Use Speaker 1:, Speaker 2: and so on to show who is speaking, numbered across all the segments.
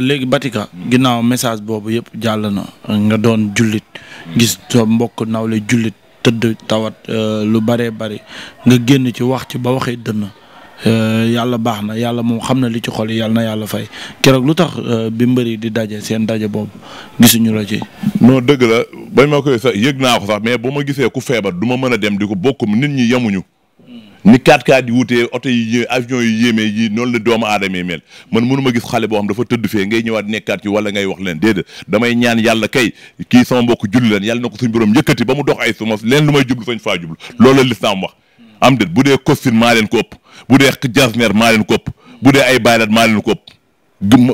Speaker 1: léegi Batika. ginnaaw message boobu yëpp jàll na nga doon jullit gis sa mbokk nawle jullit tëdd tawat euh, lu bëree bëri nga génn ci wax ci ba waxee dënn euh, yàlla baax na yàlla moom xam na li ci xol yàlla na yàlla fay keroog lu tax euh, bi mbër yi di daje seen daje boobu
Speaker 2: gisuñu la ci. non dëgg la bañ ma koy sax yëg naa ko sax mais bu ma gisee ku feebar du ma mën a dem di ko bokkum nit ñi yemuñu. ni 4K wutee oto yi yé avion yi yéemee yi noonu la doomu aadama yi mel man mënu gis xale boo xam dafa tëdd fee ngay ñëwaat nekkaat yi wala ngay wax leen déedéet damay ñaan yàlla kay kii sama mbokk julli leen yàlla na ko suñ borom yëkkati ba mu dox ay suma leen lu may jublu sañ faa jublu loolu la lislaam wax am déet bu dee costume maa leen ko ëpp bu dee jasner maa leen ko ëpp bu dee ay baylaat maa leen ko ëpp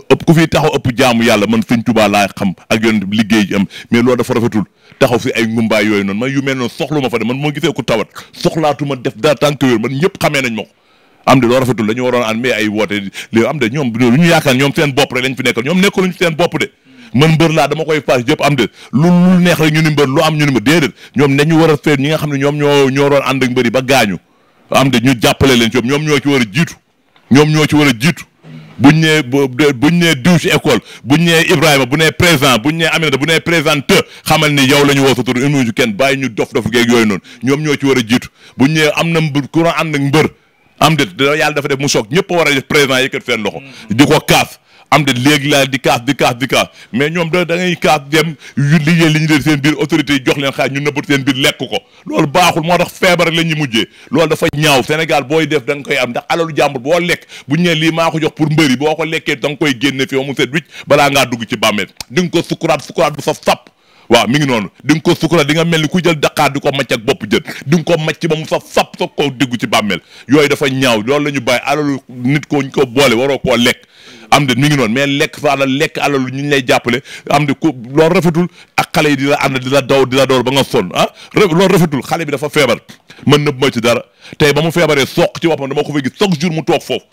Speaker 2: ëpp ku fi taxaw ëpp jaamu yàlla man sëñ Tuubaa laa xam ak yonent liggéey am mais loolu dafa rafetul taxaw fi ay ngumbaay yooyu noonu man yu mel noonu soxlu fa de man moo gisee ku tawat soxlaatuma def dara tànk wér man ñëpp xamee nañ ma ko am de loo rafetul dañu waroon an mais ay woote am de ñoom lu ñu yaakaar ñoom seen bopp rek lañ fi nekkal ñoom nekkul ñu seen bopp de man mbër laa dama koy faas yëpp am de lu lu neex rek ñu ni mbër lu am ñu ni ma déedéet ñoom nañu war a feet ñi nga xam ne ñoom ñoo ñoo doon ànd ak mbër ba gaañu am de ñu jàppale leen ci ñoom ñoo ci war a jiitu ñoom ñoo ci war a bu ñu nee bu ñu nee diw ci école bu ñu nee Ibrahima bu nee présent bu ñu nee Aminata bu nee présente xamal ni yow la ñu woo sa tur ñu kenn bàyyi ñu dof dof geeg yooyu noonu ñoom ñoo ci war a jiitu bu ñu am na mbër am ànd ak mbër am déet yàlla dafa def mu soog ñëpp a war a def présent yëkkat feen loxo di ko kaas am de léegi laa di kaas di kaas di kaas mais ñoom da da ngay kaas dem yu liggéey li ñu def seen autorité yi jox leen xaaj ñu nëbbatu seen biir lekk ko loolu baaxul moo tax feebar la ñu mujjee loolu dafa ñaaw Sénégal booy def da koy am ndax alalu jàmbur boo lekk bu ñu nee maa ko jox pour mbëri boo ko lekkee da nga koy génne fii mu set wicc balaa ngaa dugg ci bàmmeel di nga ko sukuraat sukuraat bu sap waaw mi ngi noonu di ko sukuraat di nga mel ni ku jël daqaar di ko macc bopp jën di ko macc ba mu saf sap soog koo déggu ci bàmmeel yooyu dafa ñaaw loolu la ñu bàyyi alalu nit ko ñu ko boole waroo koo lekk am de mi ngi noonu mais lekk fa alal lekk alal lu ñu lay jàppale am de ku loolu rafetul ak xale yi di la ànd di la daw di la door ba nga sonn ah loolu rafetul xale bi dafa feebar man nëbb ma ci dara tey ba mu feebaree soq ci boppam dama ko fa gis chaque mu toog foofu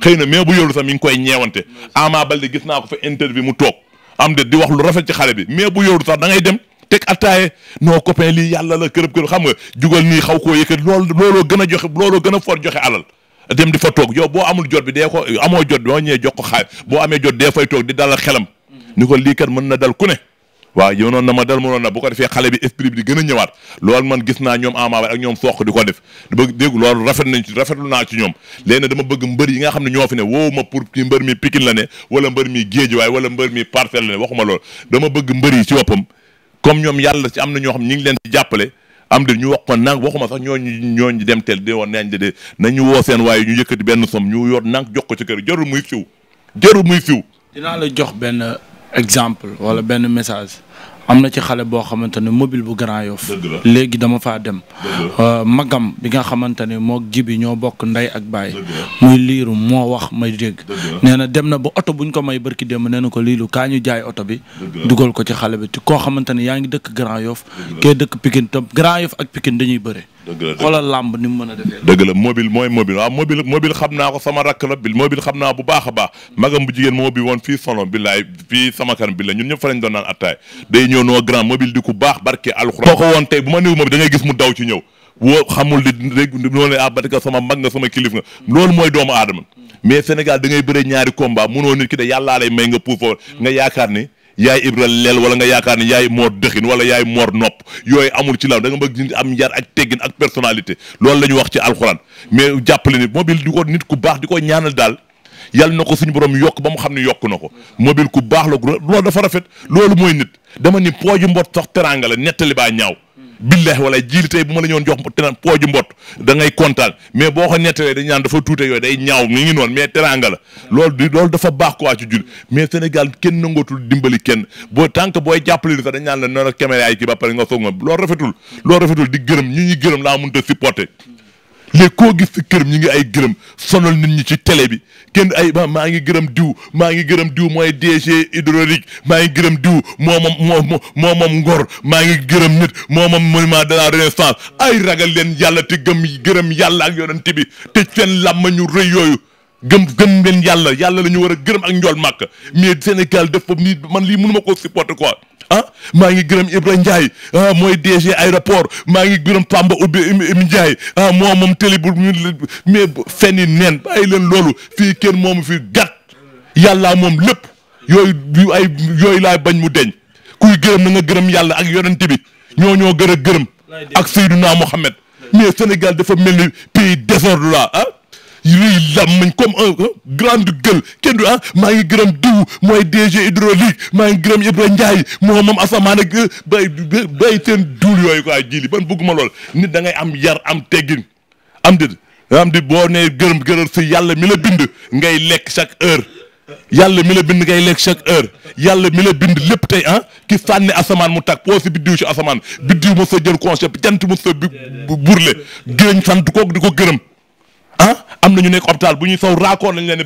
Speaker 2: xëy na mais bu yolu sax mi ngi koy ñeewante Ama Baldé gis naa ko fa interview mu toog am de di wax lu rafet ci xale bi mais bu yolu sax da ngay dem teg attaaye non copain lii yàlla la kërëb kërëb xam nga jugal nii xaw koo yëkkat loolu looloo gën a joxe looloo a fort joxe alal dem di fa toog yow boo amul jot bi dee ko amoo jot bi boo ñëwee ko xaalis boo amee jot dee fay toog di dalal xelam. ni ko lii kat mën na dal ku ne. waaw yoonoon na ma dal mënoon na bu ko defee xale bi esprit bi di gën a ñëwaat loolu man gis naa ñoom amaabal ak ñoom soq di ko def di bëgg dégg loolu rafet nañ ci rafetlu naa ci ñoom léegi nag dama bëgg mbër yi nga xam ne ñoo fi ne woowu pour ci mbër mi Pikine la ne wala mbër mi Géejawaay wala mbër mi Parcelles la ne waxuma loolu dama bëgg mbër yi ci boppam comme ñoom yàlla ci am na ñoo xam ñi ngi leen di am di ñu wax ko nànk waxuma sax ñooñu ñooñu dem tel di woon naañ de de nañu woo seen waaye ñu yëkkati benn som ñu yor nànk jox ko ci kër jarul muy fiw jarul muy fiw dinaa la jox benn exemple wala benn
Speaker 1: message am na ci xale boo xamante ne mobile bu Grand Yoff léegi dama faa dem euh, magam bi nga xamante ne moo jibi ñoo bokk ndey ak baay muy liiru moo wax may dégg nee na dem na ba oto buñ ko may bërki démb nee na ko liiru kaa ñu jaay oto bi dugal ko ci xale bi ci koo xamante ne yaa ngi dëkk Grand Yoff kee dëkk Pikine te Grand Yoff ak Pikine dañuy bëre
Speaker 2: dëgg la xoolal làmb ni mu a defee. dëgg la mobile mooy mobile waaw mobile xam naa ko sama rakk la mobile xam naa bu baax a baax. magam bu jigéen moo bi woon fii solon bi laay fii sama kanam bi la ñun ñëpp fa lañ doon naan attaay day ñëw noo grand mobile di ku baax barke alxuraan. koo ko woon tey bu ma néew moom da gis mu daw ci ñëw woo xamul di rek noonu la abatika sama mag nga sama kilif nga loolu mooy doomu aadama. mais Sénégal da ngay bëre ñaari combat munoo nit ki de yàllaa lay may nga puuf nga yaakaar ni yaay Ibra leel wala nga yaakaar ne yaay moor dëxin wala yaay moor nopp yooyu amul ci lam danga bëgg bëgg am yar ak teggin ak personnalité loolu la wax ci alxuraan mais jàppale ni mobile di ko nit ku baax di ko ñaanal daal yàlla na ko suñu borom yokk ba mu xam ne yokk na ko mobile ku baax la loolu dafa rafet loolu mooy nit dama ni pooju mbot sax teranga la nettali baa ñaaw billahi wala jiili tey bu ma la ñoon jox pooju mbot da ngay kontaan mais boo ko nettalee dañ naan dafa tuute yooyu day ñaaw mi ngi noon mais teranga la loolu di loolu dafa baax quoi ci jul mais Sénégal kenn nangootul dimbali kenn boo tànk booy jàppale ni sax dañ naan la noonu caméra yi kii ba pare nga soog ma loolu rafetul loolu rafetul di gërëm ñu ñuy gërëm laa mënut a supporter léegi koo gis si këram ñu ngi ay gërëm sonal nit ñi ci tele bi kenn ay ma maa ngi gërëm diw maa ngi gërëm diw mooy DG hydraulique maa ngi gërëm diw moo moom moo moom ngor maa ngi gërëm nit moo moom monument de la renaissance ay ragal leen yàlla te gëm gërëm yàlla ak yonent bi te seen làmma ñu rëy yooyu gëm gëm leen yàlla yàlla la ñu war a gërëm ak njool màkk mais Sénégal def foofu nii man lii munu ma koo supporter quoi ah maa ngi gërëm Ibra Ndiaye ah mooy DG aéroport maa ngi gërëm Pamba Obé Ndiaye ah moom moom tëli bu mais fen yi neen bàyyi leen loolu fii kenn moom fi gàtt yàllaa moom lépp yooyu yu ay yooyu laay bañ mu deñ kuy gërëm na nga gërëm yàlla ak yonent bi ñoo ñoo gën a gërëm ak Seydina Mohamed mais Sénégal dafa mel ni pays désordre la ah rëy làmmiñ comme un grande gueule kenn du ah maa ngi gërëm diw mooy DG hydraulique maa ngi gërëm Ibra Ndiaye moo moom asamaan ak euh, bay bay seen yooyu yooyu quoi jili ban bëgguma lool nit da ngay am yar am teggin am déet am di boo nee gërëm gërëm si yàlla mi la bind ngay lekk chaque heure yàlla mi la bind ngay lekk chaque heure yàlla mi la bind lépp tey ah ki sànni asamaan mu tàkk poo si biddiw si asamaan biddiw mo sa jël concept jant mo sa burle gërëm sant koog di ko gërëm ah am na ñu nekk hôpital bu ñuy saw raakoon lañ leen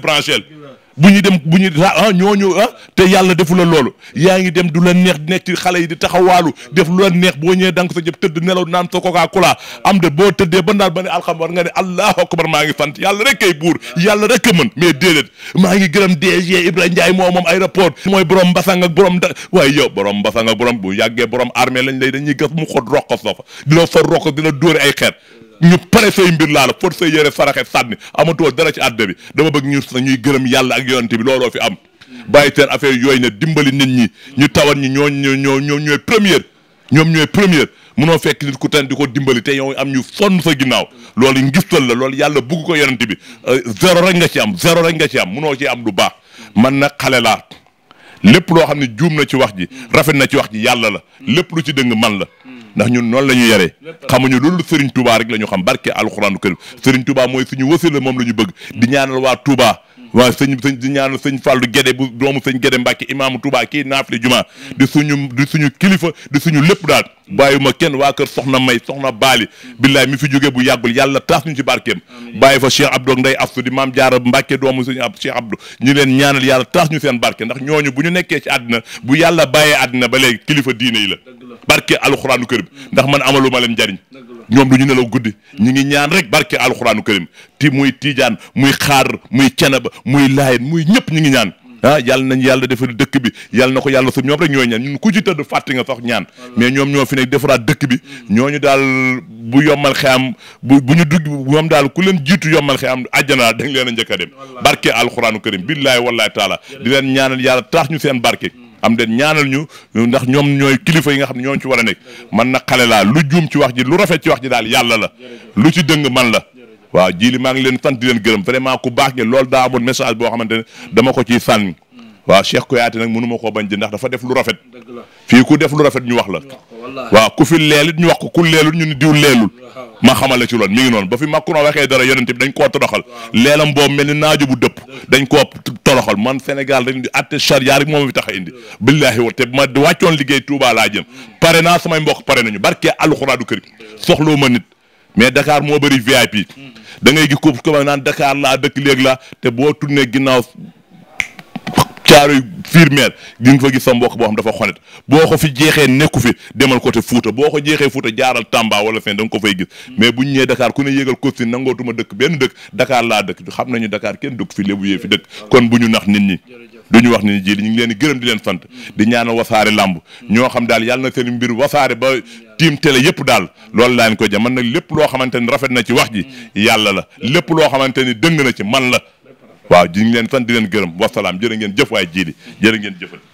Speaker 2: di bu ñu dem bu ñu ah ñooñu ah te yàlla defu la loolu yaa ngi dem du la neex nekk ci xale yi di taxawaalu def lu la neex boo ñëwee da nga ko sa jëpp tëdd nelaw naan sa coca cola am de boo tëddee ba naan ba ne alxam war nga ne allahu akbar maa ngi sant yàlla rek kay buur yàlla rek a mën mais déedéet maa ngi gërëm DG Ibrahima Ndiaye moo moom aéroport mooy borom mbasang ak borom da waaye yow borom mbasang ak borom bu yàggee borom armée lañ lay dañuy gas mu xot rokk sofa di la fa rokk di la dóore ay xeet ñu pare say mbir laa la for say yére saraxe sànni amatoo dara ci àdda bi dama bëgg ñu sa ñuy gërëm yàlla ak yonent bi looloo fi am bàyyi seen affaire yooyu ne dimbali nit ñi ñu tawan ñi ñoo ñoo ñoo ñooy première ñoom ñooy première munoo fekk nit ku tan di ko dimbali te yow am ñu sonn sa ginnaaw loolu ngistal la loolu yàlla bugg ko yonent bi euh, zéro rek nga ci am zéro rek nga ci am munoo ci am lu baax man nag xale laa lépp loo xam ne juum na ci wax ji rafet na ci wax ji yàlla la lépp lu ci dëng man la ndax ñun noonu la ñu yaree xamuñu loolu Serigne Touba rek lañu ñu xam barke alxuraanu karim mm. Serigne Touba mooy suñu wasila moom la ñu bëgg mm. di ñaanal waa Touba mm. waaw sëñ sëñ di ñaanal sëñ Fallou Guédé bu doomu sëñ Guédé Mbacke imaamu Touba kii naafli juma di suñu suñu kilifa di suñu lépp daal bàyyi ma kenn waa kër soxna may soxna baali billaay mi fi jóge bu yàggul yàlla taas ñu ci barkeem bàyyi fa Cheikh Abdou nday aftu maam jaara Mbacke doomu sëñ ab Cheikh Abdou ñu leen ñaanal yàlla taas ñu seen barke ndax ñooñu bu ñu nekkee ci àddina bu yàlla bàyyee àddina ba léegi kilifa diine yi la barke alxuraanu karim ndax man amaluma leen njariñ ñoom du ñu nelaw guddi ñu ngi ñaan rek barke alxuraanu karim ti muy tiijaan muy xaar muy ceneba muy laayen muy ñëpp ñu ngi ñaan ah yàlla nañ yàlla defar dëkk bi yàlla na ko yàlla su ñoom rek ñooy ñaan ñun ku ci tëdd fàtte nga sax ñaan mais ñoom ñoo fi nekk defaraat dëkk bi ñooñu daal bu yombal xeyam bu bu ñu dugg moom daal ku leen jiitu yombal xeyam àjjana dañ leen a njëkk a dem barke alxuraanu karim billaahi wallaahi taala di leen ñaanal yàlla tax ñu seen barke am den ñaanal ñu ndax ñoom ñooy kilifa yi nga xam ne ñoom ci war a nekk man na xale laa lu juum ci wax ji lu rafet ci wax ji daal yàlla la lu ci dëng man la waaw jii li maa ngi leen sant di leen gërëm vraiment ku baax ngeen loolu daa amoon message boo xamante ne dama ko ciy sànni waaw Cheikh Kouyaté nag mënu ma koo bañ di ndax dafa def lu rafet fii ku def lu rafet ñu wax la waaw ku fi leelit ñu wax ko ku leelul ñu ni diw leelul ma xamal la ci loon mi ngi noonu ba fi Macron waxee dara yonent bi dañ koo toroxal leelam boobu mel ni naaju bu dëpp dañ koo toroxal man senegal rek di atte charia rek moom fi tax a indi billaahi wa te ma wàccoon liggéey Touba laa jëm mm. pare naa samay mbokk pare nañu barkee alxuraadu kër soxloo ma nit mais Dakar moo bëri VIP mm. da ngay gis ko naan Dakar laa dëkk léegi la te boo tourné ginnaaw caaroy firmeer di nga fa gis sa mbokk boo xam dafa xonet boo ko fi jeexee nekku fi demal côté Fuuta boo ko jeexee Fuuta jaaral Tamba wala fen da nga ko fay gis hmm. mais buñ ñëwee Dakar ku ne yéegal costume nangootuma dëkk benn dëkk Dakar laa dëkk xam nañu Dakar kenn dëkk fi lébu yee fi dëkk hmm. kon bu ñu nax nit ñi duñu wax ni ji ñu ngi leen di gërëm di leen sant di ñaanal wasaare lamb hmm. ñoo xam daal yàlla na seen mbir wasaare ba tiim télé yëpp daal loolu laa leen ko ja man nag lépp loo xamante ni rafet na ci wax ji yàlla la lépp loo xamante ni dëng na ci man la waaw di ngi leen sant di leen gërëm wasalaam jërë ngeen jëf waay jiili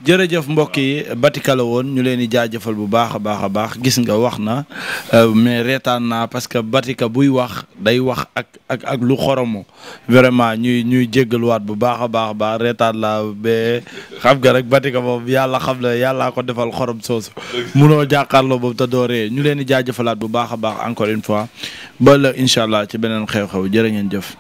Speaker 1: jërëjëf mbokk yi Batika la woon ñu leen di jaajëfal bu baax a baax a baax gis nga wax na euh, mais reetaan naa parce que Batika buy wax day wax ak ak ak lu xorom vraiment ñuy ñuy jéggaluwaat bu baax a baax a baax retaan la be xam nga rek Batika moom yàlla xam na yàllaa ko defal xorom soosu munoo jàkkaarloo boobu te dooree ñu leen di jaajëfalaat bu baax a baax encore une fois ba la incha allah ci beneen xew-xew jërë ngeen jëf